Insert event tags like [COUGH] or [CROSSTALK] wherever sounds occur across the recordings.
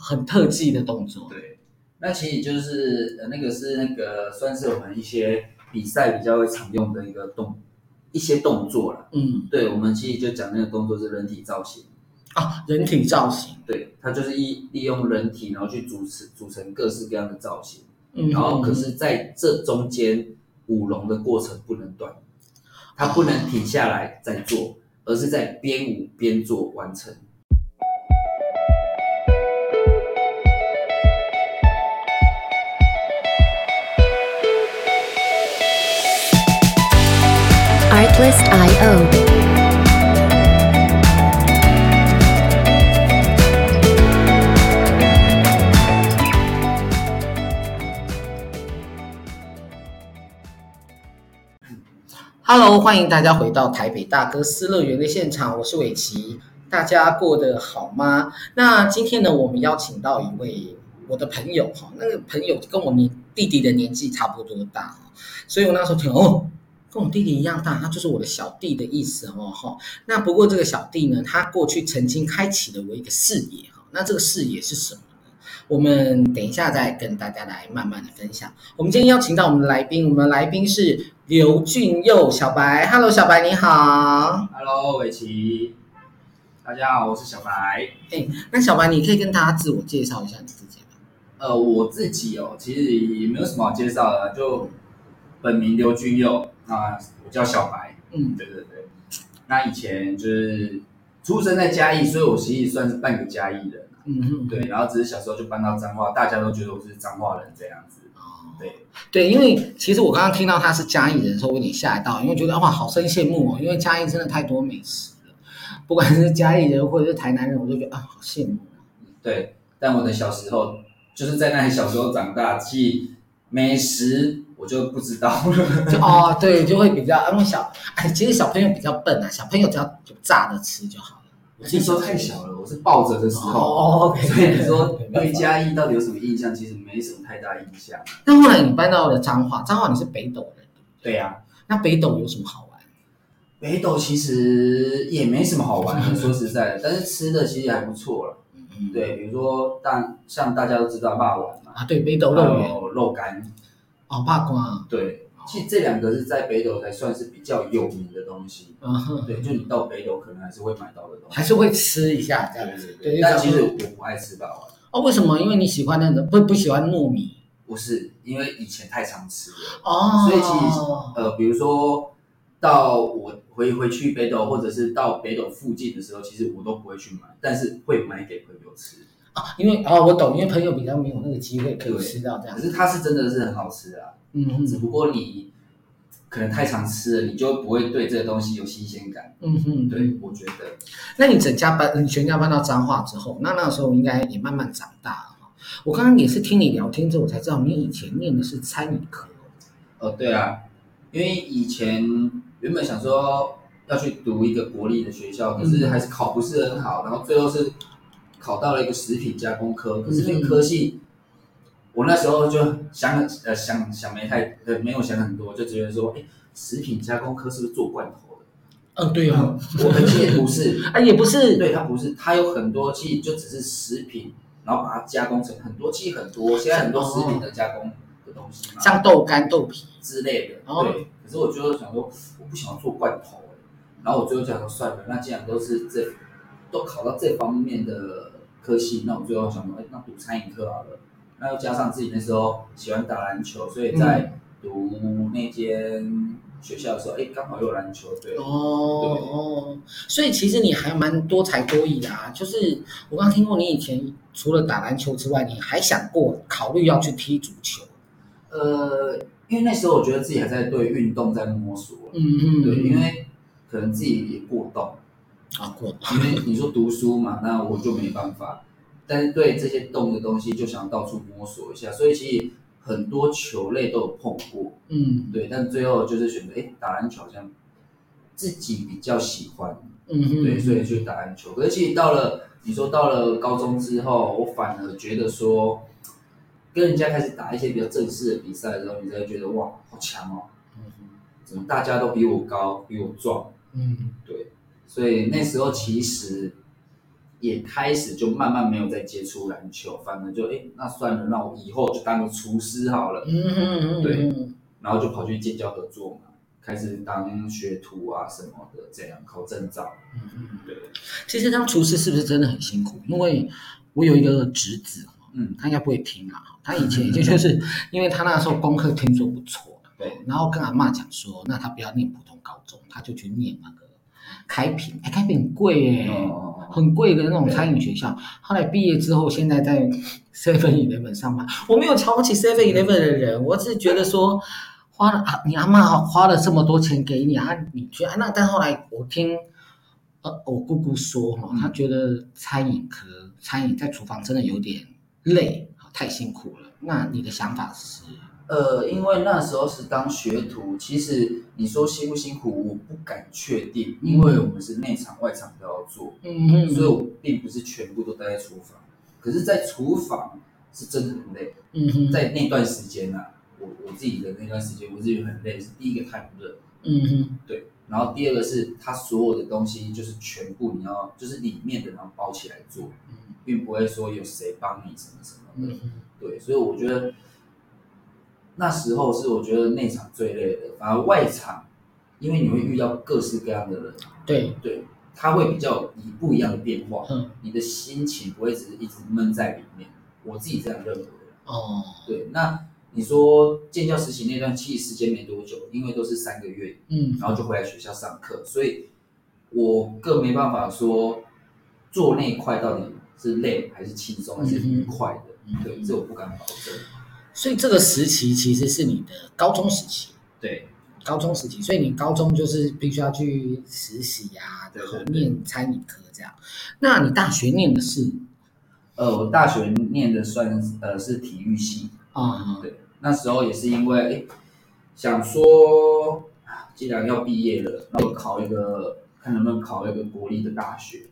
很特技的動作，對，那其實就是呃，那個是那個算是我們一些比賽比較會常用的一個動一些動作了。嗯，對，我們其實就講那個動作是人體造型啊，人體造型，對，它就是一利用人體然後去組成組成各式各樣的造型，嗯，然後可是在這中間舞龍的過程不能斷，它不能停下來再做，而是在邊舞邊做完成。 [NOISE] Hello，歡迎大家回到台北大哥斯樂園的現場，我是偉奇，大家過得好嗎？那今天呢，我們邀請到一位我的朋友哈，那個朋友跟我弟弟的年紀差不多大，所以我那時候聽哦。跟我弟弟一樣大，他就是我的小弟的意思哦吼。那不過這個小弟呢，他過去曾經開啟了我一個視野。那這個視野是什麼呢？我們等一下再跟大家來慢慢的分享。我們今天邀請到我們的來賓，我們的來賓是劉俊佑小白。Hello，小白你好。Hello，韋奇。大家好，我是小白。欸，那小白你可以跟大家自我介紹一下你自己的？呃，我自己哦，其實也沒有什麼好介紹的，就本名劉俊佑。啊，我叫小白。嗯，對對對、嗯。那以前就是出生在嘉義，所以我其實算是半個嘉義人。嗯哼對。然後只是小時候就搬到彰化，大家都覺得我是彰化人這樣子。哦，對對，因為其實我剛剛聽到他是嘉義人的時候，我有點嚇到，因為覺得哇，好生羨慕哦。因為嘉義真的太多美食了，不管是嘉義人或者是台南人，我都覺得啊，好羨慕。對，但我的小時候就是在那裡小時候長大，既美食。我就不知道就，就哦，對，就會比較安慰，嗯、小哎，其實小朋友比較笨啊，小朋友只要炸着吃就好了。我那說太小了，我是抱着的時候。哦對，哦 okay, 所以你說“對嘉義”到底有什麼印象，嗯？其實沒什麼太大印象。那後來你搬到的彰化，彰化你是北斗人。對呀，啊，那北斗有什麼好玩？北斗其實也沒什麼好玩， [LAUGHS] 說實在的，但是吃的其實還不錯了。嗯。對，比如說像大家都知道肉丸嘛。啊，對，北斗肉圓，還有肉乾。好怕光啊，對，其實這兩個是在北斗才算是比較有名的東西，嗯哼，對，就你到北斗可能還是會買到的東西，還是會吃一下，這樣子。對對對。對，但其實我不愛吃霸王、啊。哦，為什麼？因為你喜歡那種、個、不不喜歡糯米？不是，因為以前太常吃了。哦、oh.，所以其實呃，比如說到我回回去北斗，或者是到北斗附近的時候，其實我都不會去買，但是會買給朋友吃。因為、哦，我懂，因為朋友比較沒有那個機會可以吃到這樣。可是它是真的是很好吃的、啊，嗯，只不過你可能太常吃了，你就不會對這個東西有新鮮感。嗯哼，對，我覺得。那你整家搬，你全家搬到彰化之後，那那時候應該也慢慢長大了。我剛剛也是聽你聊天之後，我才知道你以前念的是餐飲科。哦，對啊，因為以前原本想說要去讀一個國立的學校，可是還是考不是很好，嗯、然後最後是。考到了一個食品加工科，可是那個科系，我那時候就想，呃，想想沒太，呃，沒有想很多，就直接說，哎、欸，食品加工科是不是做罐頭的？嗯，對、嗯、啊，我、嗯、們、嗯嗯嗯嗯、其實不是，哎、啊，也不是，對，它不是，它有很多，其實就只是食品，然後把它加工成很多，其實很多，現在很多食品的加工的東西，像豆干、豆皮之類的、哦，對。可是我就想說，我不喜歡做罐頭、欸，然後我最後講說，算了，那既然都是這個。都考到這方面的科系，那我最後想說，哎、欸，那讀餐飲科好了。那又加上自己那時候喜歡打籃球，所以在讀那間學校的時候，哎、欸，剛好有籃球隊。哦，對哦，所以其實你還蠻多才多藝的啊？就是我剛聽過你以前除了打籃球之外，你還想過考慮要去踢足球。呃，因為那時候我覺得自己還在對運動在摸索。嗯，嗯嗯。對，因為可能自己也過動。因為你說讀書嘛，那我就沒辦法。但是對這些動的東西，就想到處摸索一下。所以其實很多球類都有碰過，嗯，對。但最後就是選擇，哎、欸，打籃球好像自己比較喜歡，嗯，對，所以就打籃球。可是其實到了你說到了高中之後，我反而覺得說，跟人家開始打一些比較正式的比賽的時候，你才會覺得哇，好強哦，嗯，怎麼大家都比我高，比我壯，嗯，對。所以那時候其實也開始就慢慢沒有再接觸籃球，反正就哎、欸，那算了，那我以後就當個廚師好了。嗯嗯嗯，對，然後就跑去建教合作嘛，開始當學徒啊什麼的，這樣考證照。嗯嗯嗯，對。其實當廚師是不是真的很辛苦？因為我有一個侄子，嗯，他應該不會聽啊。他以前也就，就是、嗯、因為他那時候功課聽說不錯，對，然後跟阿嬤講說，那他不要念普通高中，他就去念那個。開平，哎，開平很貴哎、哦，很貴的那種餐飲學校。後來畢業之後，現在在 Seven Eleven 上班。我沒有瞧不起 Seven Eleven 的人，嗯、我只是覺得說，花了、啊、你阿嬤、啊、花了這麼多錢給你，你啊，你去那。但後來我聽，呃，我姑姑說哈、啊嗯，她覺得餐飲科、餐飲在廚房真的有點累，太辛苦了。那你的想法是？嗯呃，因為那時候是當學徒，其實你說辛不辛苦，我不敢確定，因為我們是內場外場都要做，嗯，所以我並不是全部都待在廚房，可是，在廚房是真的很累，嗯，在那段時間吶、啊，我我自己的那段時間，我自己很累，是第一個太熱，嗯對，然後第二個是他所有的東西就是全部你要，就是裡面的然後包起來做，並不會說有誰幫你什麼什麼的，的、嗯。對，所以我覺得。那時候是我覺得內場最累的，反而外場，因為你會遇到各式各樣的人，對對，他會比較以不一樣的變化，嗯，你的心情不會只是一直悶在裡面。我自己這樣認為哦，對。那你說建教實習那段期時間沒多久，因為都是三個月，嗯，然後就回來學校上課，所以我更沒辦法說做那一塊到底是累還是輕鬆還是愉快的嗯嗯，對，這我不敢保證。所以這個時期其實是你的高中時期？對，高中時期，所以你高中就是必須要去實習呀，對，然後念餐飲科這樣。那你大學念的是？呃，我大學念的算是呃是體育系啊，嗯，對，那時候也是因為想說，既，啊，然要畢業了，我考一個，看能不能考一個國立的大學，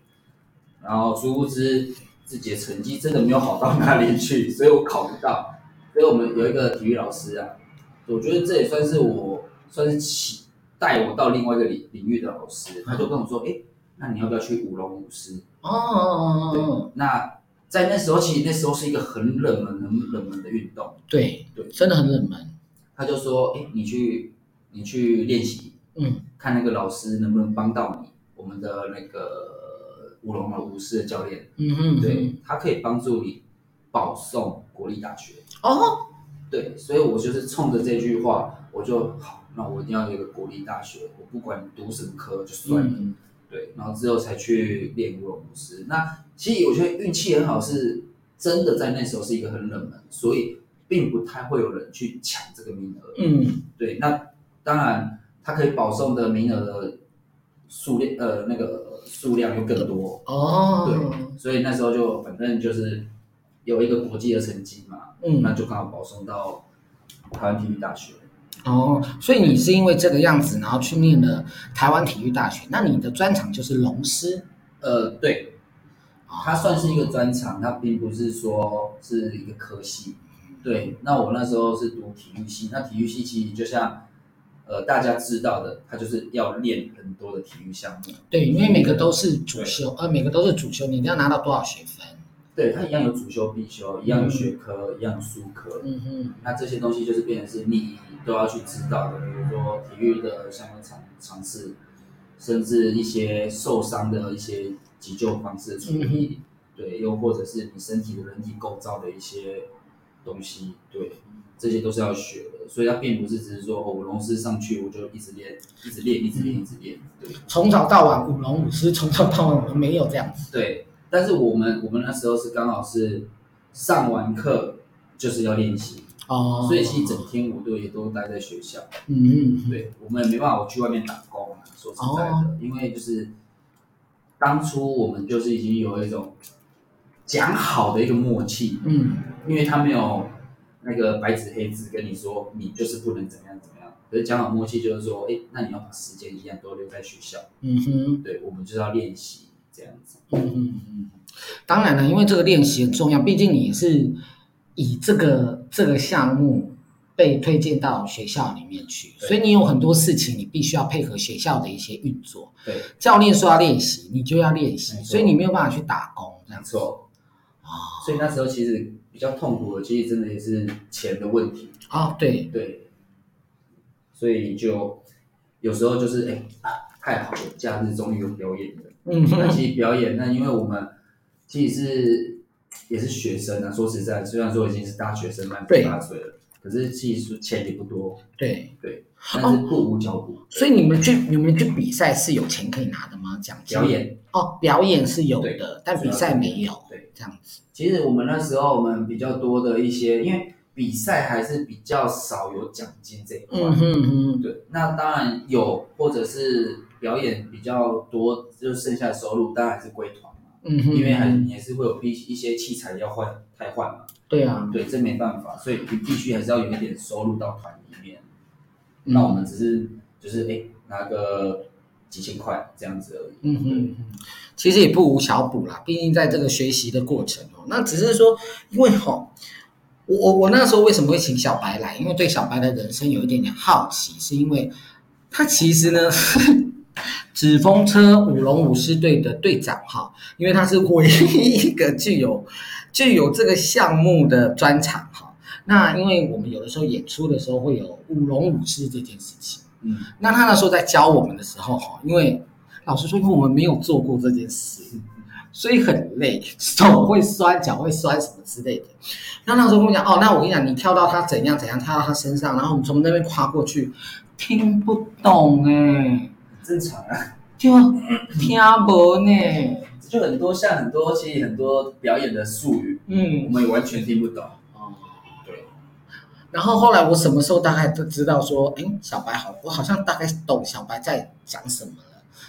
然後殊不知自己的成績真的沒有好到哪裡去， [LAUGHS] 所以我考不到。所以我們有一個體育老師啊，我覺得這也算是我算是起帶我到另外一個領領域的老師、嗯，他就跟我說：“哎、欸，那你要不要去舞龍舞獅？”哦哦哦哦，那在那時候其實那時候是一個很冷門、很冷門的運動。對對，真的很冷門。他就說：“哎、欸，你去你去練習，嗯，看那個老師能不能幫到你，我們的那個舞龍舞獅的教練，嗯哼，對，他可以幫助你。”保送國立大學哦，oh. 對，所以我就是衝着這句話，我就好，那我一定要有一個國立大學，我不管你讀什麼科，就算了、嗯，對，然後之後才去練舞龍舞獅。那其實我覺得運氣很好是，是真的在那時候是一個很冷門，所以並不太會有人去搶這個名額。嗯，對，那當然他可以保送的名額的數量，呃，那個數量又更多哦，oh. 對，所以那時候就反正就是。有一個國際的成績嘛，嗯，那就剛好保送到台灣體育大學。哦，所以你是因為這個樣子，然後去念了台灣體育大學。那你的專長就是龍獅？呃，對，他它算是一個專長，它並不是說是一個科系。對，那我那時候是讀體育系，那體育系其實就像，呃，大家知道的，它就是要練很多的體育項目。嗯，對，因為每個都是主修，呃，每個都是主修，你要拿到多少學分？對，它一樣有主修必修，一樣有學科、嗯，一樣術科。嗯嗯，那這些東西就是變成是你都要去知道的。比如說體育的相關的嘗試，甚至一些受傷的一些急救方式、嗯。對，又或者是你身體的人體構造的一些東西。對，這些都是要學的。所以它並不是只是說舞龍獅上去我就一直練，一直練，一直練，一直練。對，從早到晚舞龍舞獅，從早到晚我們沒有這樣子。對。但是我們我們那時候是剛好是上完課，就是要練習哦，oh. 所以是一整天我都也都待在學校，嗯嗯，對，我們也沒辦法去外面打工，說實在的，oh. 因為就是當初我們就是已經有一種講好的一個默契，嗯、mm-hmm.，因為他沒有那個白紙黑字跟你說你就是不能怎麼樣怎麼樣，可是講好默契就是說，哎、欸，那你要把時間一樣都留在學校，嗯哼，對，我們就是要練習。嗯嗯嗯，當然了，因為這個練習很重要，畢竟你是以這個這個項目被推薦到學校裡面去，所以你有很多事情，你必須要配合學校的一些運作。對，教練說要練習，你就要練習，所以你沒有辦法去打工。這樣子，所以那時候其實比較痛苦的，其實真的也是錢的問題啊、哦。對對，所以就有時候就是哎、啊，太好了，假日終於有表演了。嗯，那其實表演，那因為我們，其實是也是學生呢、啊。說實在，雖然說已經是大學生，蠻大歲了，可是其實錢也不多。對對，但是購物交補、哦。所以你們去你們去比賽是有錢可以拿的嗎？獎金？表演哦，表演是有的，對但比賽沒有。對，這樣子。其實我們那時候我們比較多的一些，因為比賽還是比較少有獎金這一塊。嗯嗯嗯。對，那當然有，或者是。表演比較多，就剩下的收入當然還是歸團嘛嗯哼，因為還也是,是會有一一些器材要換，太換了。對啊、嗯，對，這沒辦法，所以你必,必須還是要有一點收入到團裡面。那我們只是、嗯、就是哎、欸、拿個幾千塊這樣子而已。嗯哼其實也不無小補啦。畢竟在這個學習的過程哦，那只是說，因為哈，我我我那時候為什麼會請小白來？因為對小白的人生有一點點好奇，是因為他其實呢。 [LAUGHS] 紙風車舞龍舞獅隊的隊長哈，因為他是唯一一個具有具有這個項目的專長哈。那因為我們有的時候演出的時候會有舞龍舞獅這件事情，嗯，那他那時候在教我們的時候哈，因為老師說因為我們沒有做過這件事，所以很累，手會痠，腳會痠什麼之類的。那那時候跟我講哦，那我跟你講，你跳到他怎樣怎樣，跳到他身上，然後我們從那邊跨過去，聽不懂哎、欸。正常啊，就、嗯、聽無呢，就很多像很多、嗯，其實很多表演的術語，嗯，我們也完全聽不懂哦、嗯嗯。對。然後後來我什麼時候大概都知道說，哎，小白好，我好像大概懂小白在講什麼了。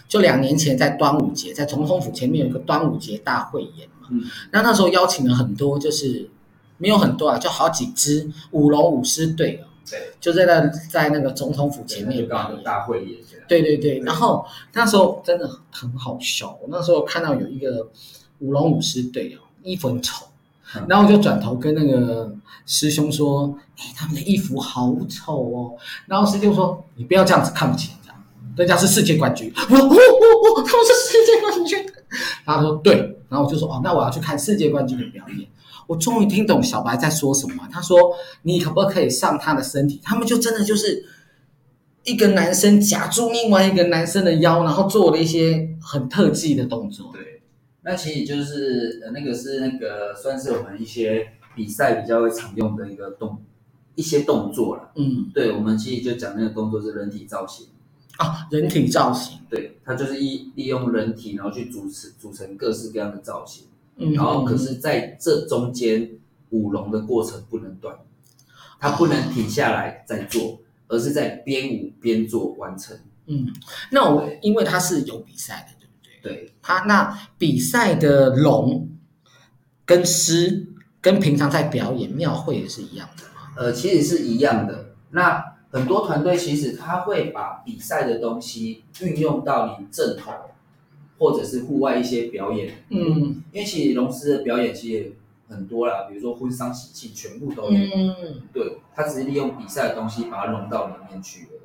就兩年前在端午節，在總統府前面有個端午節大會演嘛、嗯，那那時候邀請了很多，就是沒有很多啊，就好幾支舞龍舞獅隊。對，就在那，在那個總統府前面，有大會也這樣對對對，對然後那時候真的很好笑，我那時候看到有一個舞龍舞獅隊衣服很醜、嗯，然後我就轉頭跟那個師兄說：“嗯、哎，他們的衣服好醜哦。”然後師兄說、嗯：“你不要這樣子看不起人家、嗯，人家是世界冠軍。”我說：“我我我，他們是世界冠軍。”他說：“對。”然後我就說：“哦，那我要去看世界冠軍的表演。嗯”我終於聽懂小白在說什麼啊，他說：“你可不可以上他的身體？”他們就真的就是一個男生夾住另外一個男生的腰，然後做了一些很特技的動作。對，那其實就是那個是那個算是我們一些比賽比較會常用的一個動一些動作了。嗯，對，我們其實就講那個動作是人體造型啊，人體造型。對，它就是利利用人體，然後去組成組成各式各樣的造型。然後，可是在這中間舞龍的過程不能斷，它不能停下來再做，而是在邊舞邊做完成。嗯，那我因為它是有比賽的，對不對？對，它那比賽的龍跟獅跟平常在表演廟會也是一樣的嗎？呃，其實是一樣的。那很多團隊其實他會把比賽的東西運用到你陣頭或者是戶外一些表演，嗯，嗯，因為其實龍獅的表演其實也很多啦，比如說婚喪喜慶全部都有，嗯，對，它只是利用比賽的東西把它融到裡面去而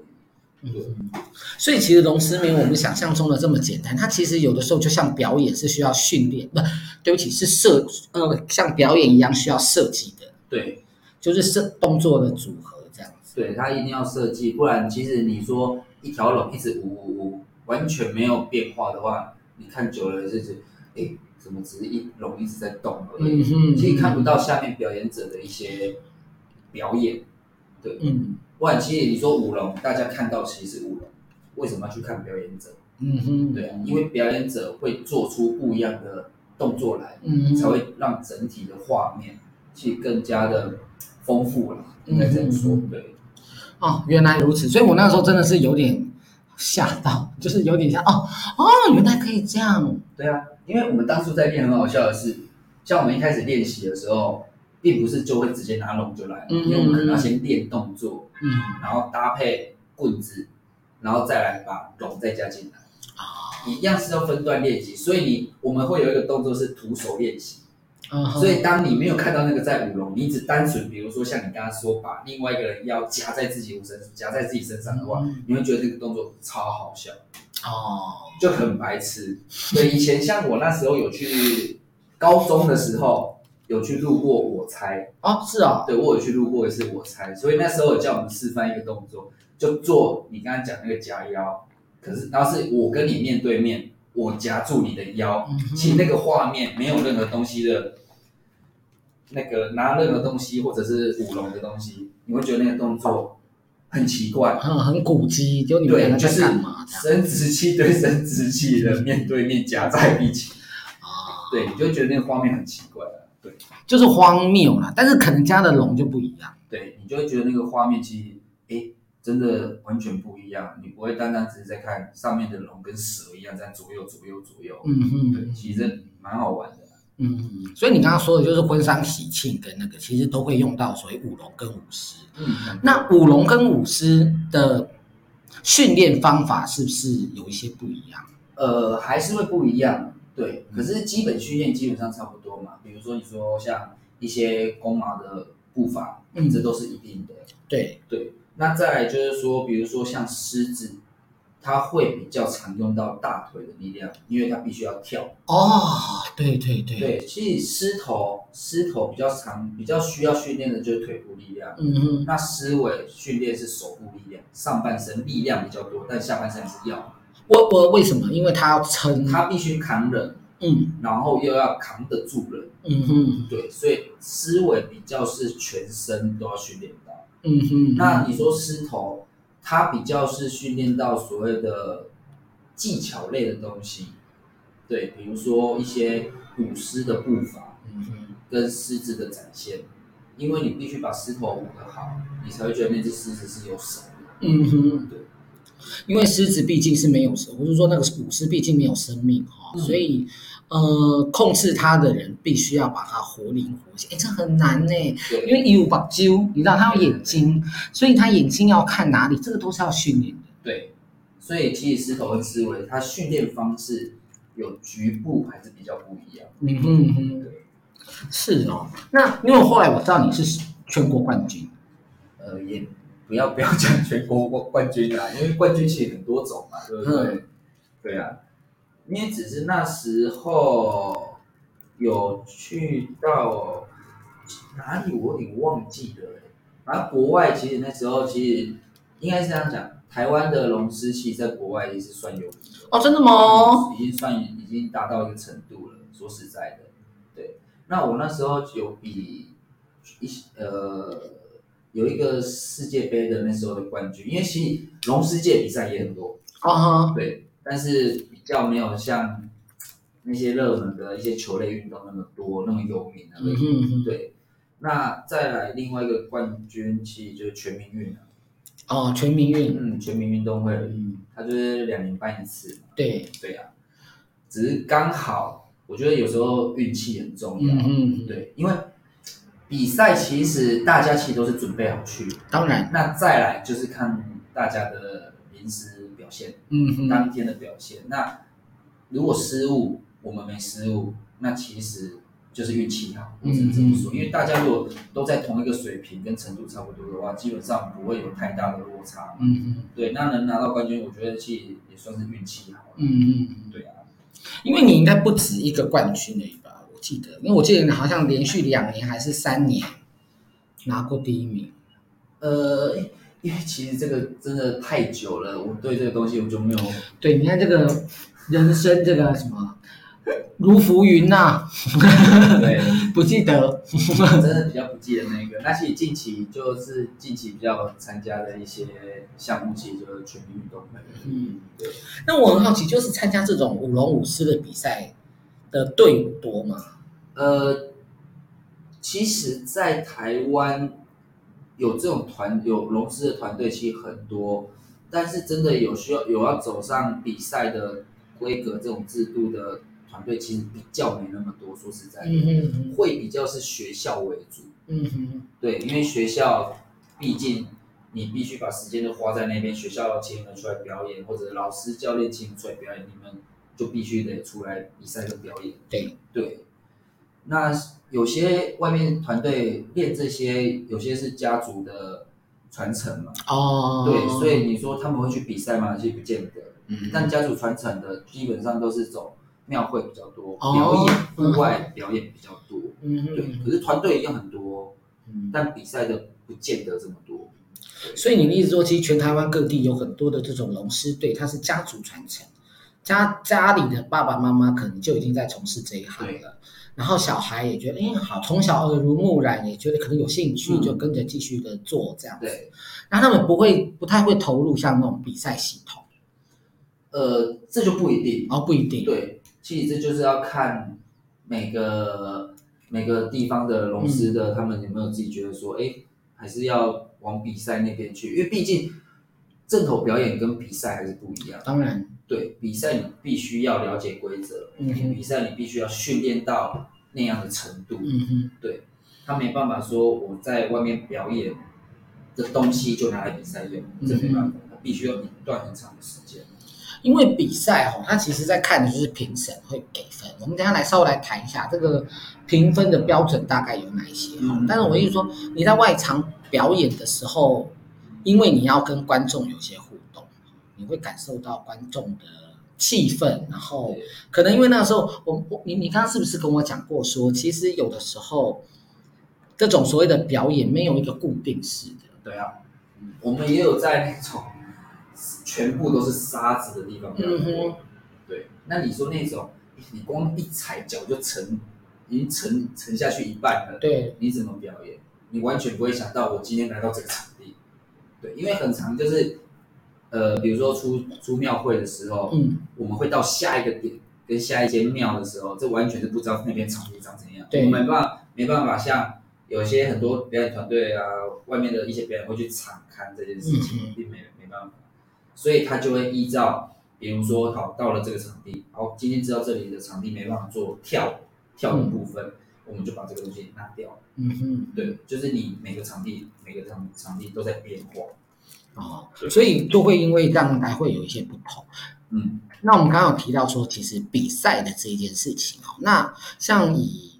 已，嗯，所以其實龍獅沒有我們想象中的這麼簡單，它其實有的時候就像表演是需要訓練，不、呃，對不起，是設，呃，像表演一樣需要設計的，對，就是設動作的組合這樣子，對，它一定要設計，不然其實你說一條龍一直嗚嗚嗚，完全沒有變化的話。你看久了就是，哎、欸，怎麼只是一龍一直在動而已，嗯？其實看不到下面表演者的一些表演，對。嗯，我其實你說舞龍，大家看到其實是舞龍，為什麼要去看表演者？嗯哼，對、嗯哼，因為表演者會做出不一樣的動作來，嗯，才會讓整體的畫面去更加的豐富了，嗯，應該這樣說，對。哦，原來如此，所以我那時候真的是有點。嚇到，就是有點像哦哦，原來可以這樣。對啊，因為我們當初在練很好笑的是，像我們一開始練習的時候，並不是就會直接拿龍就來，嗯，因為我們可能要先練動作，嗯，然後搭配棍子，然後再來把龍再加進來。啊，哦，一樣是要分段練習，所以你我們會有一個動作是徒手練習。所以，當你沒有看到那個在舞龍，你只單純，比如說像你剛剛說，把另外一個人腰夾在自己身，夾在自己身上的話，你會覺得這個動作超好笑哦，就很白痴。對，以前像我那時候有去高中的時候有去錄過我猜哦、啊，是哦、啊，對，我有去錄過一次我猜，所以那時候有叫我們示範一個動作，就做你剛剛講那個夾腰，可是當時我跟你面對面，我夾住你的腰，嗯、其實那個畫面沒有任何東西的。那個拿任何東西或者是舞龍的東西，你會覺得那個動作很奇怪，很、哦、很古跡，就你們對，就是生殖器對生殖器的面對面夾在一起啊、哦，對，你就會覺得那個畫面很奇怪了，對，就是荒謬了。但是肯家的龍就不一樣，對，你就會覺得那個畫面其實，哎，真的完全不一樣，你不會單單只是在看上面的龍跟蛇一樣在左右左右左右，嗯哼，對，其實蠻好玩的。嗯，所以你剛剛說的，就是婚喪喜慶跟那個，其實都會用到所謂舞龍跟舞獅。嗯，那舞龍跟舞獅的訓練方法是不是有一些不一樣？呃，還是會不一樣，對。嗯、可是基本訓練基本上差不多嘛，比如說你說像一些弓馬的步伐，嗯、一直都是一定的。對對，那再來就是說，比如說像獅子。他會比較常用到大腿的力量，因為他必須要跳。哦、oh,，對對對。對，所以獅頭，獅頭比較常、比較需要訓練的就是腿部力量。嗯、mm -hmm. 那獅尾訓練是手部力量，上半身力量比較多，但下半身是要。我我為什麼？因為他要撐，他必須扛人。嗯、mm -hmm.。然後又要扛得住人。嗯、mm -hmm. 對，所以獅尾比較是全身都要訓練到。嗯、mm、嗯 -hmm. 那你說獅頭？它比較是訓練到所謂的技巧類的東西，對，比如說一些舞獅的步伐，嗯，跟獅子的展現，因為你必須把獅頭舞得好，你才會覺得那只獅子是有神的，嗯，嗯，對。因為獅子畢竟是沒有生，我是說那個古獅畢竟沒有生命哈、哦嗯，所以呃控制它的人必須要把它活靈活現，哎這很難呢，因為有把揪，你知道它有眼睛，所以它眼睛要看哪裡，這個都是要訓練的。對，所以其實獅頭和獅尾它訓練方式有局部還是比較不一樣。嗯嗯嗯，是哦，那因為後來我知道你是全國冠軍，呃也。你要不要講全國冠軍啊，因為冠軍其實很多種嘛，對不對、嗯？對啊，因為只是那時候有去到哪裡，我有點忘記了、欸。反正國外其實那時候其實應該是這樣講，台灣的龍獅其實在國外也是算有名的哦，真的嗎？已經算已經達到一個程度了。說實在的，對。那我那時候有比一些呃。有一個世界杯的那時候的冠軍，因為其實龍獅界比賽也很多啊，uh -huh. 對，但是比較沒有像那些熱門的一些球類運動那麼多那麼有名啊，mm -hmm. 對。那再來另外一個冠軍，其實就是全民運哦、啊 uh -huh. 嗯，全民運，嗯，全民運動會，嗯、mm -hmm.，它就是兩年辦一次，對、mm -hmm.，對啊，只是剛好，我覺得有時候運氣很重要，mm -hmm. 對，因為。比賽其實大家其實都是準備好去，當然，那再來就是看大家的臨時表現，嗯，當天的表現。嗯、那如果失誤，我們沒失誤，那其實就是運氣好，或者這麼說、嗯？因為大家如果都在同一個水平跟程度差不多的話，基本上不會有太大的落差。嗯嗯，對，那能拿到冠軍，我覺得其實也算是運氣好。嗯嗯，對啊，因為你應該不止一個冠軍誒、欸。記得，因為我記得好像連續兩年還是三年拿過第一名。呃，因為其實這個真的太久了，我對這個東西我就沒有。對，你看這個人生這個什麼如浮雲吶、啊。 [LAUGHS] 對，不記得，真的比較不記得那個。 [LAUGHS] 那其實近期就是近期比較參加的一些項目，其實就是全民運動會、那個。嗯，對。那我很好奇，就是參加這種舞龍舞獅的比賽的隊伍多嗎？呃，其實，在台灣有這種團有龍獅的團隊其實很多，但是真的有需要有要走上比賽的規格這種制度的團隊，其實比較沒那麼多。說實在的，嗯，會比較是學校為主，嗯嗯，對，因為學校畢竟你必須把時間都花在那邊，學校請你們出來表演，或者老師教練請你們出來表演，你們就必須得出來比賽跟表演，對對。那有些外面團隊練這些，有些是家族的傳承嘛。哦、oh.，對。所以你說他們會去比賽嗎？其實不見得。嗯、mm -hmm.，但家族傳承的基本上都是走廟會比較多，oh. 表演，mm -hmm. 戶外表演比較多。嗯、mm -hmm.，對。可是團隊也有很多，嗯、mm -hmm.，但比賽的不見得這麼多。所以你的意思說，其實全台灣各地有很多的這種龍獅隊，它是家族傳承，家，家裡的爸爸媽媽可能就已經在從事這一行了。對然後小孩也覺得，哎，好，從小耳濡目染，也覺得可能有興趣，嗯、就跟着繼續的做這樣子。對。那他們不會，不太會投入像那種比賽系統。呃，這就不一定哦，不一定。對，其實這就是要看每個每個地方的龍獅的、嗯、他們有沒有自己覺得說，哎，還是要往比賽那邊去，因為畢竟陣頭表演跟比賽還是不一樣，當然。對，比賽你必須要了解規則。嗯，比賽你必須要訓練到那樣的程度。嗯，對，他沒辦法說我在外面表演的東西就拿來比賽用，嗯、這沒辦法，他必須要一段很長的時間。因為比賽、哦、他其實在看的就是評審會給分。我們等一下來稍微來談一下這個評分的標準大概有哪些、嗯、但是我意思說，你在外場表演的時候，因為你要跟觀眾有些互動。你會感受到觀眾的氣氛，然後可能因為那時候，我我你你剛剛是不是跟我講過說，其實有的時候，這種所謂的表演沒有一個固定式的，對啊，我們也有在那種，全部都是沙子的地方表演，嗯、對，那你說那種你光一踩腳就沉，已經沉沉下去一半了，對，你怎麼表演？你完全不會想到我今天來到這個場地，對，因為很常就是。呃，比如說出出廟會的時候，嗯，我們會到下一個點跟下一間廟的時候，這完全是不知道那邊場地長怎樣，對，我們沒辦法，沒辦法，像有些很多表演團隊啊，外面的一些表演會去場勘這件事情，嗯、並沒沒辦法，所以他就會依照，比如說，好，到了這個場地，好，今天知道這裡的場地沒辦法做跳跳的部分、嗯，我們就把這個東西拿掉，嗯，對，就是你每個場地每個場場地都在變化。所以都會因為這樣來會有一些不同，嗯，那我們剛剛有提到說，其實比賽的這一件事情哈，那像以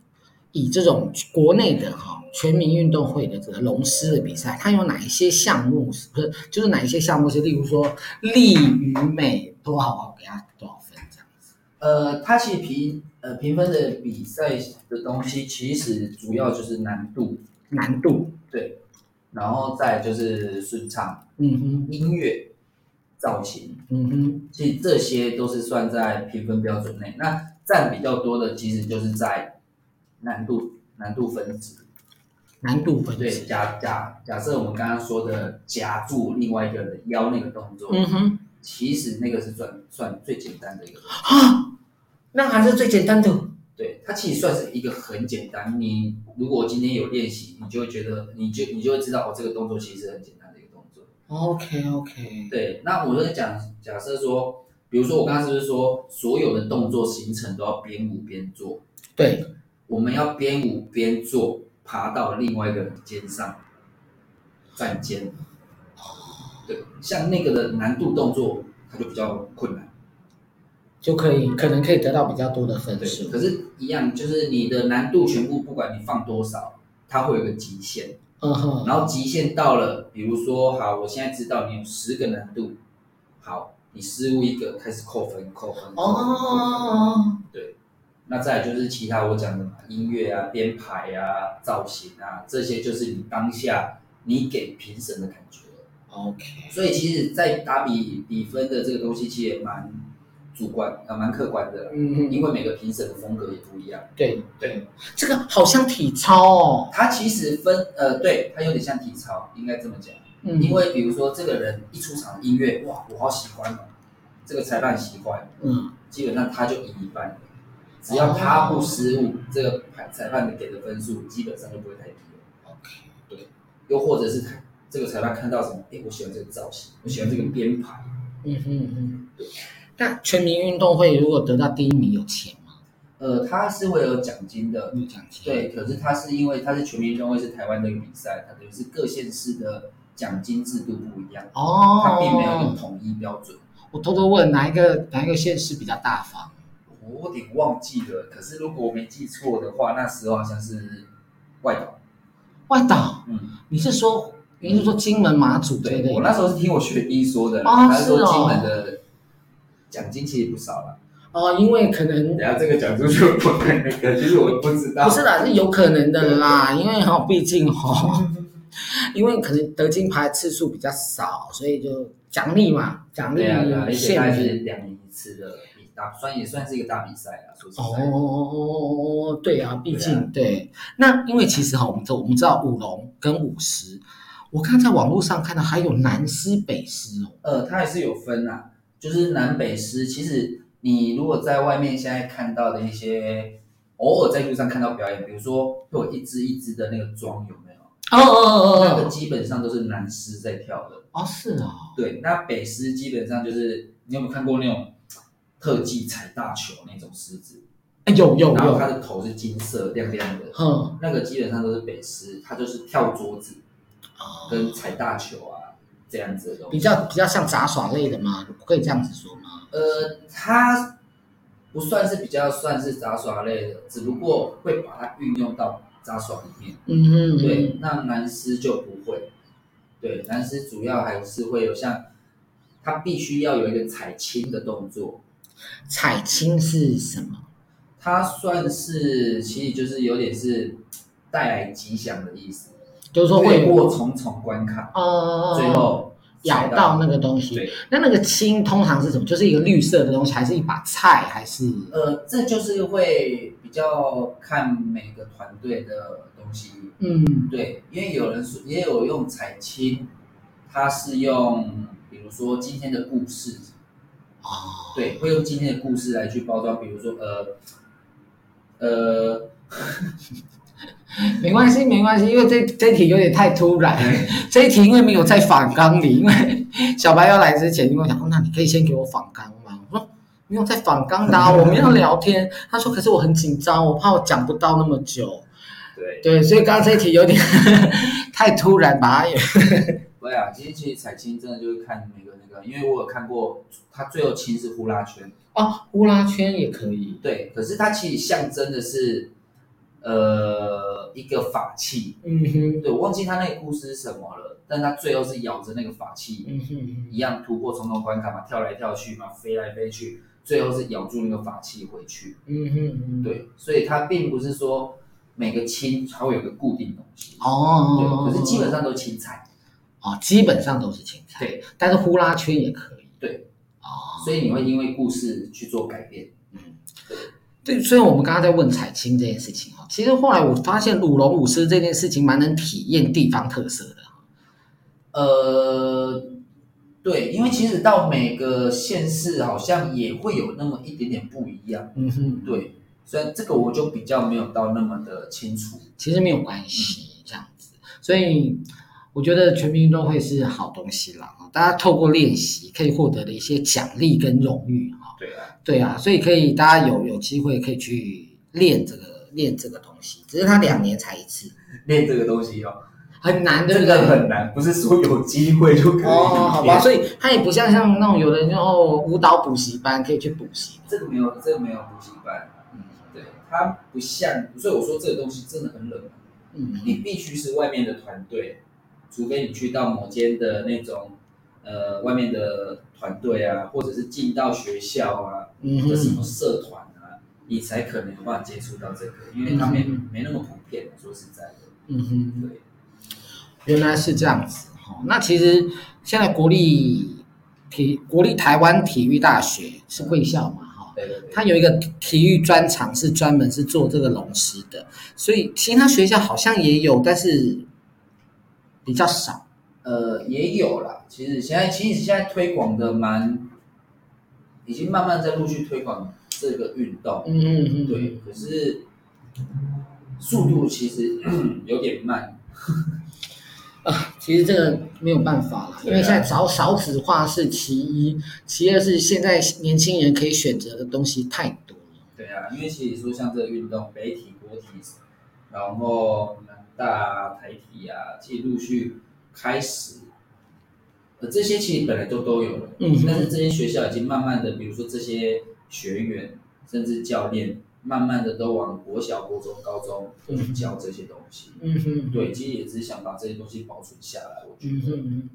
以這種國內的哈全民運動會的這個龍獅的比賽，它有哪一些項目是，不是就是哪一些項目是，例如說力與美，多好好給他，給它多少分這樣子？呃，它其實評呃評分的比賽的東西，其實主要就是難度，難度對。然後再就是順暢，嗯哼，音樂，造型，嗯哼，其實這些都是算在評分標準內。那占比較多的其實就是在難度，難度分值，難度分值。對，假假假設我們剛剛說的夾住另外一個人的腰那個動作，嗯哼，其實那個是算算最簡單的一個。啊，那還是最簡單的。對，它其實算是一個很簡單。你如果今天有練習，你就會覺得，你就你就會知道，哦，這個動作其實很簡單的一個動作。OK OK。對，那我在講，假設說，比如說我剛剛是不是說，所有的動作行程都要邊舞邊做？對，我們要邊舞邊做，爬到另外一個人肩上轉肩。對，像那個的難度動作，它就比較困難。就可以，可能可以得到比較多的分數。對。可是一樣，就是你的難度全部，不管你放多少，它會有個極限。嗯哼。然後極限到了，比如說，好，我現在知道你有十個難度，好，你失誤一個開始扣分，扣分，扣分，哦哦哦哦。對，那再就是其他我講的嘛，音樂啊、編排啊、造型啊，這些就是你當下你給評審的感覺。OK。所以其實，在打比比分的這個東西，其實也蠻。主觀啊，蠻、呃、客觀的啦，嗯嗯，因為每個評審的風格也不一樣。對對、嗯，這個好像體操哦。他其實分呃，對，他有點像體操，應該這麼講。嗯，因為比如說這個人一出場音樂，哇，我好喜歡、喔、這個裁判喜歡，嗯，基本上他就贏一半，只要他不失誤、哦，這個裁判給的分數基本上就不會太低、哦。對。又或者是這個裁判看到什麼，哎、欸，我喜歡這個造型，我喜歡這個編排。嗯嗯嗯，對。但全民運動會如果得到第一名有錢嗎？呃，他是會有獎金的，有獎金。對，可是他是因為他是全民運動會是台灣的一個比賽，他等於是各縣市的獎金制度不一樣哦，他並沒有用統一標準。我偷偷問哪一個哪一個縣市比較大方？我有點忘記了，可是如果我沒記錯的話，那時候好像是外島。外島？嗯，你是說、嗯、你是說金門馬祖對不對？我那時候是聽我學弟說的、啊，他是說金門的。獎金其實不少了哦，因為可能然後這個獎金就可能，其實我不知道，不是啦，是有可能的啦，對對對，因為哈、哦，畢竟吼、哦， [LAUGHS] 因為可能得金牌次數比較少，所以就獎勵嘛，獎勵。對啊，對啊，是兩年一次的比賽，所以也算是一個大比賽了、啊。說哦，對啊，畢竟對、啊、對，那因為其實哈，我們都我們知道舞龍跟舞獅，我剛在網絡上看到還有南獅北獅哦，呃，它也是有分啊。就是南北獅，其實你如果在外面現在看到的一些，偶爾在路上看到表演，比如說會有一隻一隻的那個樁有沒有？哦哦哦哦，那個基本上都是南獅在跳的。哦、oh，是啊。對，那北獅基本上就是，你有沒有看過那種特技踩大球那種獅子？有有有。然後它的頭是金色，亮亮的。嗯、oh, oh。那個基本上都是北獅，它就是跳桌子，跟踩大球啊。這樣子的比較比較像雜耍類的嗎？可以這樣子說嗎？呃，他不算是比較算是雜耍類的，只不過會把它運用到雜耍裡面。嗯嗯，對，那南獅就不會。對，南獅主要還是會有像他必須要有一個採青的動作。採青是什麼？他算是，其實就是有點是帶來吉祥的意思。就是說會過重重關卡，哦、呃，最後找到，咬到那個東西，對。那那個青通常是什麼？就是一個綠色的東西，還是一把菜，還是？呃，這就是會比較看每個團隊的東西。嗯，對，因為有人說也有用彩青，它是用比如說今天的故事，哦，對，會用今天的故事來去包裝，比如說呃，呃。 [LAUGHS] 沒關係，沒關係，因為這這題有點太突然。這一題因為沒有在訪綱裡，因為小白要來之前，因為我想說，那你可以先給我訪綱嗎？我說有、啊、我沒有在訪綱的，我們要聊天。他說，可是我很緊張，我怕我講不到那麼久。對對，所以剛剛這一題有點 [LAUGHS] 太突然吧？也不會啊，今天其實採青真的就是看那個那個，因為我有看過他最後青是呼啦圈啊，呼、哦、呼啦圈也可以。對，對可是它其實象徵的是。呃，一個法器，嗯哼，對，我忘記他那個故事是什麼了，但他最後是咬着那個法器，嗯哼，一樣突破重重關卡嘛，跳來跳去嘛，飛來飛去，最後是咬住那個法器回去，嗯哼，對，所以它並不是說每個青才會有個固定東西哦，對，可是基本上都青菜，啊、哦，基本上都是青菜，對，但是呼啦圈也可以，對，哦。所以你會因為故事去做改變。對，所以我們剛剛在問採青這件事情哈，其實後來我發現舞龍舞獅這件事情蠻能體驗地方特色的，呃，對，因為其實到每個縣市好像也會有那麼一點點不一樣，嗯哼，對，所以這個我就比較沒有到那麼的清楚，其實沒有關係，嗯、這樣子，所以我覺得全民運動會是好東西啦，大家透過練習可以獲得的一些獎勵跟榮譽。對啊，對啊，所以可以大家有有機會可以去練這個練這個東西，只是他兩年才一次練這個東西哦，很難，對不對？真的很難，不是說有機會就可以哦，好吧，所以它也不像像那種有的那、哦、舞蹈補習班可以去補習，這個沒有這個沒有補習班，啊，嗯，對，它不像，所以我說這個東西真的很冷門，嗯，嗯，你必須是外面的團隊，除非你去到某間的那種。呃，外面的團隊啊，或者是進到學校啊，或、嗯、什麼社團啊，你才可能有辦法接觸到這個，因為他們沒、嗯、沒那麼普遍。說實在的，嗯哼，對，原來是這樣子哦，那其實現在國立體國立台灣體育大學是貴校嘛哈？對對，它有一個體育專長是專門是做這個龍獅的，所以其他學校好像也有，但是比較少。呃，也有啦。其實現在，其實現在推廣的蠻，已經慢慢在陸續推廣這個運動。嗯嗯嗯，對。可是速度其實、嗯嗯、有點慢啊。其實這個沒有辦法啦、嗯，因為現在找、啊、少子化是其一，其二是現在年輕人可以選擇的東西太多了。對啊，因為其實說像這個運動，北體、國體，然後南大、台體啊，其實陸續。開始，呃，這些其實本來都都有了，嗯，但是這些學校已經慢慢的，比如說這些學員甚至教練，慢慢的都往國小、國中、高中去教這些東西，嗯哼，對，其實也只是想把這些東西保存下來，我覺得，嗯、哼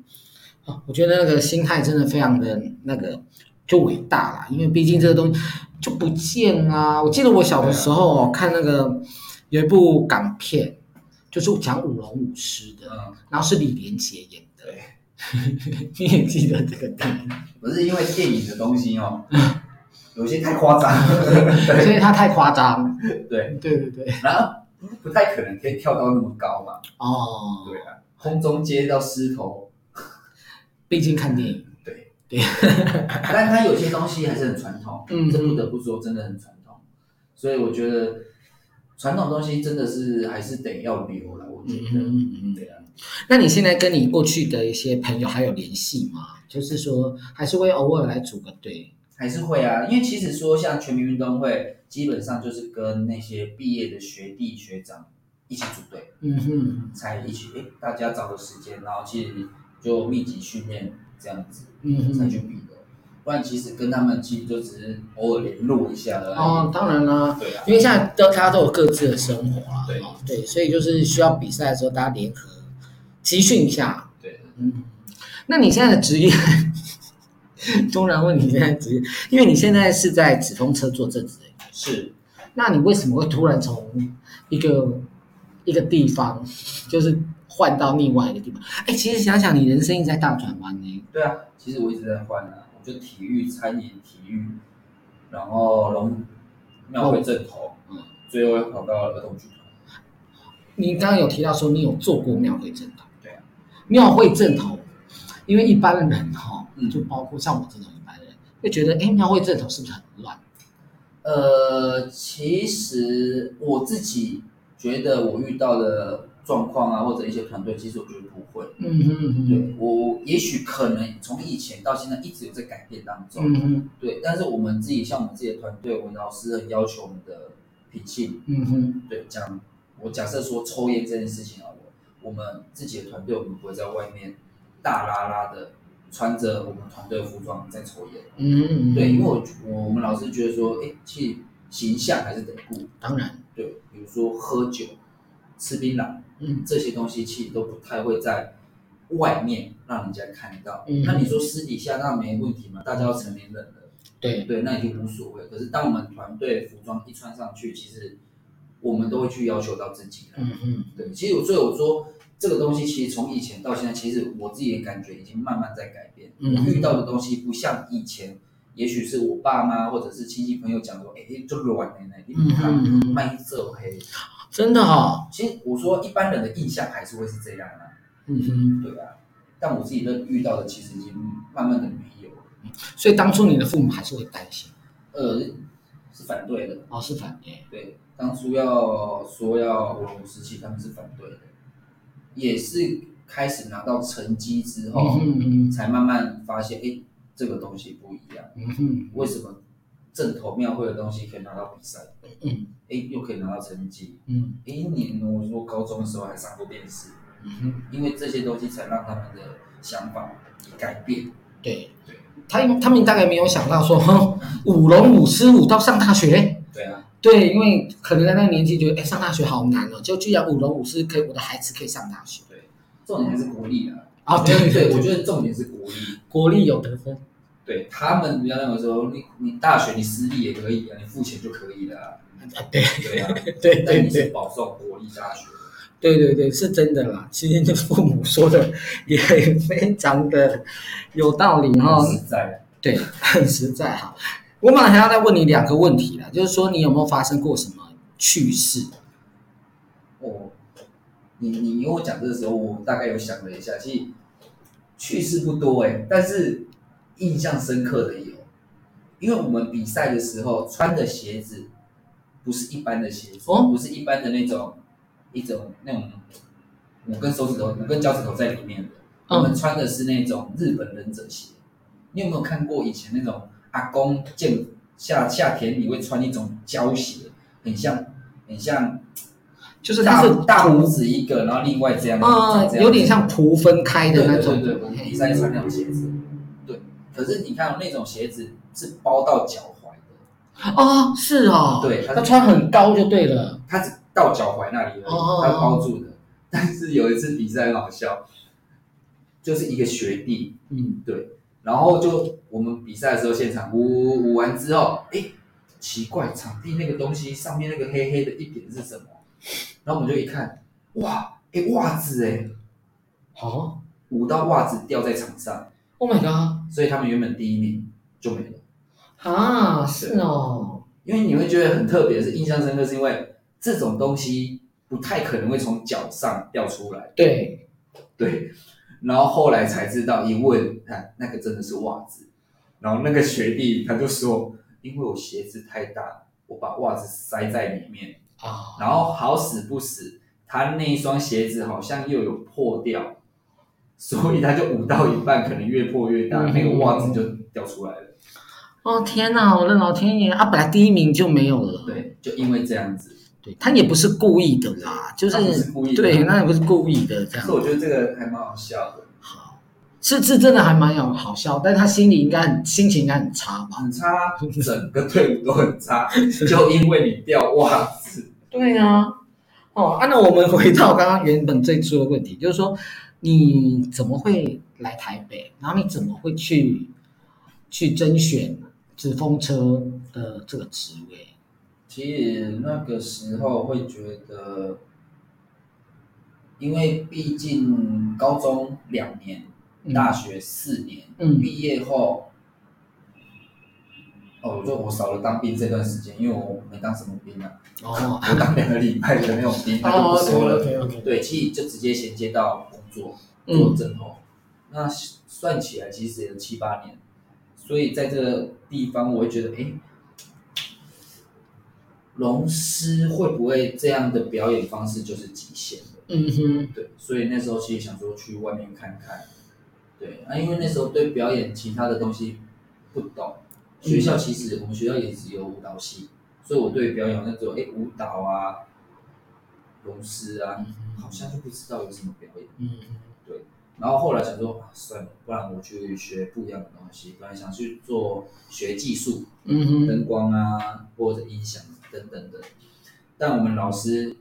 哼，我覺得那個心態真的非常的那個就偉大啦，因為畢竟這個東西、嗯、就不見啦、啊。我記得我小的時候、哦啊、看那個有一部港片。就是講舞龍舞獅的、嗯，然後是李連杰演的。對， [LAUGHS] 你也記得這個電影？不是因為電影的東西哦， [LAUGHS] 有些太誇張，所以它太誇張。對，對對對。然、啊、後不太可能可以跳到那麼高吧。哦。對啊，空中接到獅頭，畢竟看電影。對對。 [LAUGHS] 但它有些東西還是很傳統，嗯，這不得不說真的很傳統，所以我覺得。傳統東西真的是還是得要留了，我覺得。嗯嗯嗯嗯。對啊。那你現在跟你過去的一些朋友還有聯繫嗎？嗯。就是說還是會偶爾來組個隊？還是會啊，因為其實說像全民運動會，基本上就是跟那些畢業的學弟學長一起組隊，嗯嗯，才一起哎，大家找個時間，然後去就密集訓練這樣子，嗯，才去比的。但其實跟他們其實就只是偶爾聯絡一下啦。哦，當然啦。對啊。因為現在都大家都有各自的生活啦，啊。對。對，所以就是需要比賽的時候大家聯合集訓一下。對。嗯。那你現在的職業，突然問你現在的職業，因為你現在是在紙風車做這職業。是。那你為什麼會突然從一個一個地方，就是換到另外一個地方？哎，其實想想你人生一直在大轉彎呢。對啊，其實我一直在換啊。就體育餐飲體育，然後龍廟會陣頭，嗯，最後又跑到兒童劇團。你剛剛有提到說你有做過廟會陣頭，對、啊，廟會陣頭，因為一般人哈、嗯哦，就包括像我這種一般人，會覺得哎廟會陣頭是不是很亂？呃，其實我自己覺得我遇到了狀況啊，或者一些團隊，其實我覺得不會。嗯嗯哼、哼，對我也許可能從以前到現在一直有在改變當中。嗯對。但是我們自己，像我們自己的團隊，我們老師很要求我們的脾氣。嗯哼，對。講我假設說抽煙這件事情啊，我們自己的團隊，我們不會在外面大拉拉的穿着我們團隊服裝在抽煙。嗯嗯對，因為我我、我們老師覺得說，哎、欸，其實形象還是得顧。當然。對，比如說喝酒、吃檳榔。嗯，這些東西其實都不太會在外面讓人家看到。嗯，那你說私底下那沒問題嘛，大家要成年人了，對對，那已經無所謂、嗯。可是當我們團隊服裝一穿上去，其實我們都會去要求到自己了。嗯嗯，對。其實我所以我說這個東西，其實從以前到現在，其實我自己的感覺已經慢慢在改變。嗯、我遇到的東西不像以前，嗯、也許是我爸媽或者是親戚朋友講說，哎、欸，這個玩哪來？你不看萬一色黑？真的哈、哦，其實我說一般人的印象還是會是這樣的、啊，嗯哼，對吧、啊？但我自己的遇到的其實已經慢慢的沒有了，所以當初你的父母還是會擔心，呃，是反對的，哦，是反對、欸，對，當初要說要我五十七，他們是反對的，也是開始拿到成績之後，嗯、才慢慢發現，哎、欸，這個東西不一樣，嗯，為什麼？陣頭廟會的東西可以拿到比賽，嗯，哎，又可以拿到成績，嗯，哎，你我說高中的時候還上過電視，嗯哼，因為這些東西才讓他們的想法改變，對對，他們他們大概沒有想到說，哼，舞龍舞獅舞到上大學，對啊，對，因為可能在那個年紀覺得，哎，上大學好難了，哦，就居然舞龍舞獅可以，我的孩子可以上大學，對，嗯，重點是國立的啊，哦，對對，對， [LAUGHS] 我覺得重點是國立國立有得分。對他們，原來那個時候，你你大學你私立也可以啊，你付錢就可以了、啊。對對啊對，對，但你是保送國立大學。對對對，是真的啦。今天這父母說的也非常的有道理哈、哦，很實在，對，很實在哈。我馬上要再問你兩個問題了，就是說你有沒有發生過什麼趣事？哦，你你跟我講這個時候，我大概有想了一下，其實趣事不多哎、欸，但是。印象深刻的有，因為我們比賽的時候穿的鞋子不是一般的鞋子，哦，不是一般的那種一種那種五根手指頭、五根腳趾頭在裡面的。我們穿的是那種日本忍者鞋。你有沒有看過以前那種阿公見，夏夏天你會穿一種膠鞋，很像很像，就是大大拇指一個，然後另外這樣啊，有點像蒲分開的那種。對對對，我以前穿那種鞋子。可是你看，那種鞋子是包到腳踝的啊。哦，是哦，對，他穿很高就對了，他只到腳踝那裡而已，他、哦、包住的、哦。但是有一次比賽很好笑，就是一個學弟，嗯，對，然後就我們比賽的時候，現場舞舞完之後，哎、欸，奇怪，場地那個東西上面那個黑黑的一點是什麼？然後我們就一看，哇，哎、欸，襪子哎、欸，好、哦，舞到襪子掉在場上。Oh my God！所以他們原本第一名就沒了，啊，是哦。因為你會覺得很特別，是印象深刻，是因為這種東西不太可能會從腳上掉出來。對，對。然後後來才知道，一問，看那個真的是襪子。然後那個學弟他就說，因為我鞋子太大，我把襪子塞在裡面啊。然後好死不死，他那一雙鞋子好像又有破掉。所以他就捂到一半，可能越破越大，那個、嗯、襪子就掉出來了。哦天吶，我的老天爺啊！本來第一名就沒有了，對，就因為這樣子，對，他也不是故意的啦，就是，他不是故意對，那也不是故意的這樣子。可是我覺得這個還蠻好笑的。好，這次真的還蠻有好笑，但他心裡應該心情應該很差吧？很差，整個隊伍都很差， [LAUGHS] 就因為你掉襪子。對啊，哦啊，那我們回到剛剛原本最初的問題，就是說。你怎麼會來台北？然後你怎麼會去去甄選紙風車的這個職位？其實那個時候會覺得，因為畢竟高中兩年，嗯、大學四年、嗯，畢業後，哦，就我少了當兵這段時間，因為我沒當什麼兵啊。哦，我當兩個禮拜的那種兵，那、哦、就不說了。哦、okay, okay, okay. 對，其實就直接銜接到。做做整套，嗯，那算起來其實也有七八年，所以在這個地方，我會覺得，哎，欸，龍獅會不會這樣的表演方式就是極限的？嗯哼，對，所以那時候其實想說去外面看看，對，那，啊，因為那時候對表演其他的東西不懂，學校其實我們學校也只有舞蹈系，所以我對表演那種哎舞蹈啊，龍獅啊。嗯好像就不知道有什麼表演，嗯，對。然後後來想說，算了，不然我去學不一樣的東西，不然想去做學技術，嗯哼，燈光啊或者音響等等的。但我們老師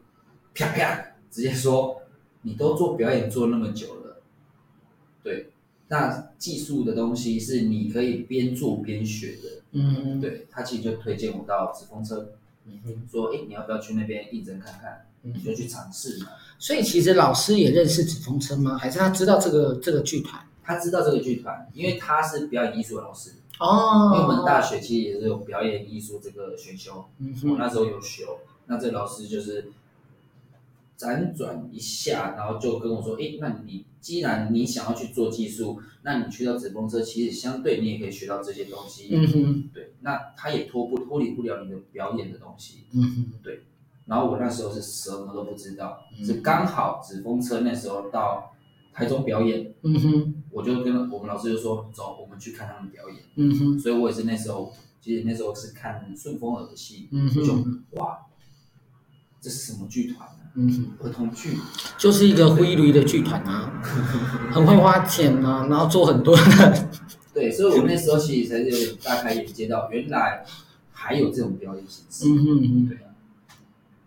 啪啪直接說，你都做表演做那麼久了，對，那技術的東西是你可以邊做邊學的，嗯對，他其實就推薦我到紙風車。嗯、說，哎，你要不要去那邊應徵看看？嗯，就去嘗試嘛。所以其實老師也認識紙風車嗎？還是他知道這個這個劇團？他知道這個劇團，因為他是表演藝術的老師哦。因為我們大學其實也是有表演藝術這個選修，我、嗯、那時候有學。那這老師就是輾轉一下，然後就跟我說：“哎，那你。”既然你想要去做技術，那你去到紙風車，其實相對你也可以學到這些東西。嗯哼，對，那他也脫不脫離不了你的表演的東西。嗯哼，對。然後我那時候是什麼都不知道，嗯、是剛好紙風車那時候到台中表演。嗯哼，我就跟我們老師就說：“走，我們去看他們表演。”嗯哼，所以我也是那時候，其實那時候是看順風耳的戲。嗯哼，就哇。是什麼劇團啊？嗯，兒童劇，就是一個灰驢的劇團啊，很會花錢啊，然後做很多的。對，所以，我們那時候其實才是有大開眼界，到原來還有這種表演形式。嗯哼嗯哼，對、啊、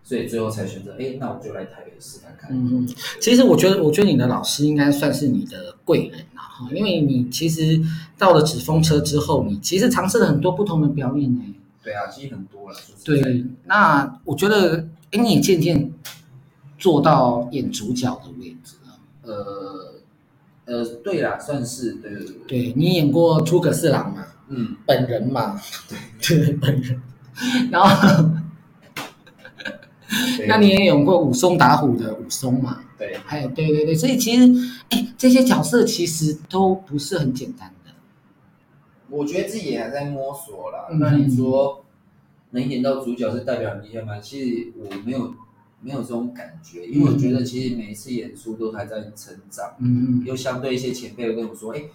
所以最後才選擇，哎，那我們就來台北試，試看看。嗯嗯，其實我覺得，我覺得你的老師應該算是你的貴人啊。因為你其實到了紙風車之後，你其實嘗試了很多不同的表演，欸，哎。對啊，其實很多了對，對，那我覺得。誒，你也漸漸做到演主角的位置了，呃，呃，對啦，算是，對對對。對，你演過諸葛四郎嘛，嗯，本人嘛，對，對，本人。嗯，然後， [LAUGHS] 那你也演過武松打虎的武松嘛，對，還有對對對，所以其實，這些角色其實都不是很簡單的，我覺得自己也在摸索了、嗯嗯。那你說？能演到主角是代表你演嗎？其實我沒有沒有這種感覺，因為我覺得其實每一次演出都還在成長，嗯嗯。又相對一些前輩會跟我說：“哎、欸，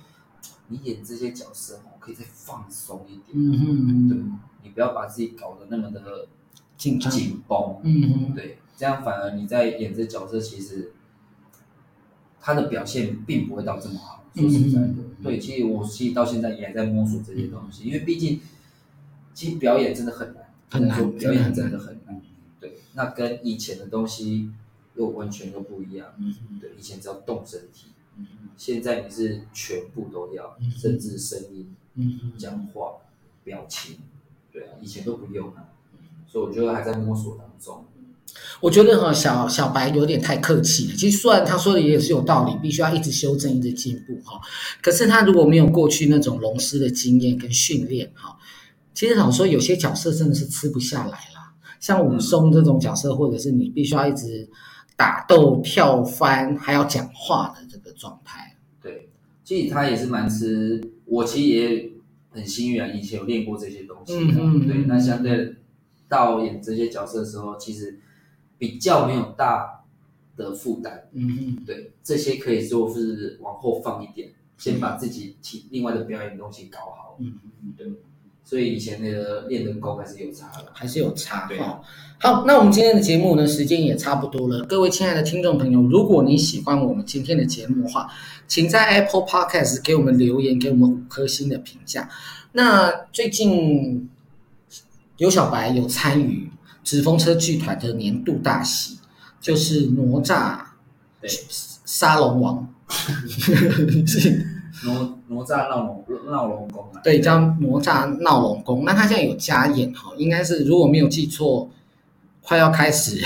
你演這些角色，可以再放鬆一點、啊，嗯嗯，嗯嗯，對，你不要把自己搞得那麼的緊緊繃，嗯嗯，對，這樣反而你在演這角色，其實他的表現並不會到這麼好，說實在的。嗯嗯嗯嗯，對，其實我自己到現在也還在摸索這些東西，因為畢竟其實表演真的很難。”很難，表演真的很難。對，那跟以前的東西又完全都不一樣。嗯，對，以前只要動身體，嗯，現在你是全部都要，甚至聲音、嗯嗯，講話、表情，對啊，以前都不用了。所以我覺得還在摸索當中。我覺得哈，小小白有點太客氣了。其實雖然他說的也是有道理，必須要一直修正、一直進步哈。可是他如果沒有過去那種龍獅的經驗跟訓練哈。其實老說有些角色真的是吃不下來啦，像武松這種角色，嗯，或者是你必須要一直打鬥、跳翻，還要講話的這個狀態。對，其實他也是蠻吃，我其實也很幸運啊，以前有練過這些東西，啊。嗯，嗯嗯。對，那相對到演這些角色的時候，其實比較沒有大的負擔。嗯嗯。對，這些可以說是往後放一點，先把自己其另外的表演東西搞好。嗯嗯，嗯。對。所以以前那個練的高還是有差的，還是有差。對、啊哦，好，那我們今天的節目呢，時間也差不多了。各位親愛的聽眾朋友，如果你喜歡我們今天的節目的話，請在 Apple Podcast 給我們留言，給我們五顆星的評價。那最近有小白有參與紙風車劇團的年度大戲，就是哪吒，對，殺龍王。 [LAUGHS] 哪吒鬧，鬧龍鬧龍宮，對，叫哪吒鬧龍宮。那他現在有加演哈，應該是如果沒有記錯，快要開始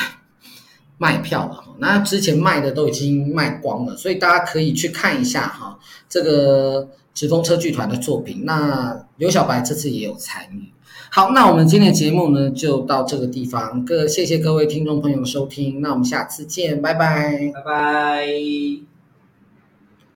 賣票了。那之前賣的都已經賣光了，所以大家可以去看一下哈。這個紙風車劇團的作品，那劉小白這次也有參與。好，那我們今天的節目呢，就到這個地方。各謝謝各位聽眾朋友的收聽，那我們下次見，拜拜，拜拜。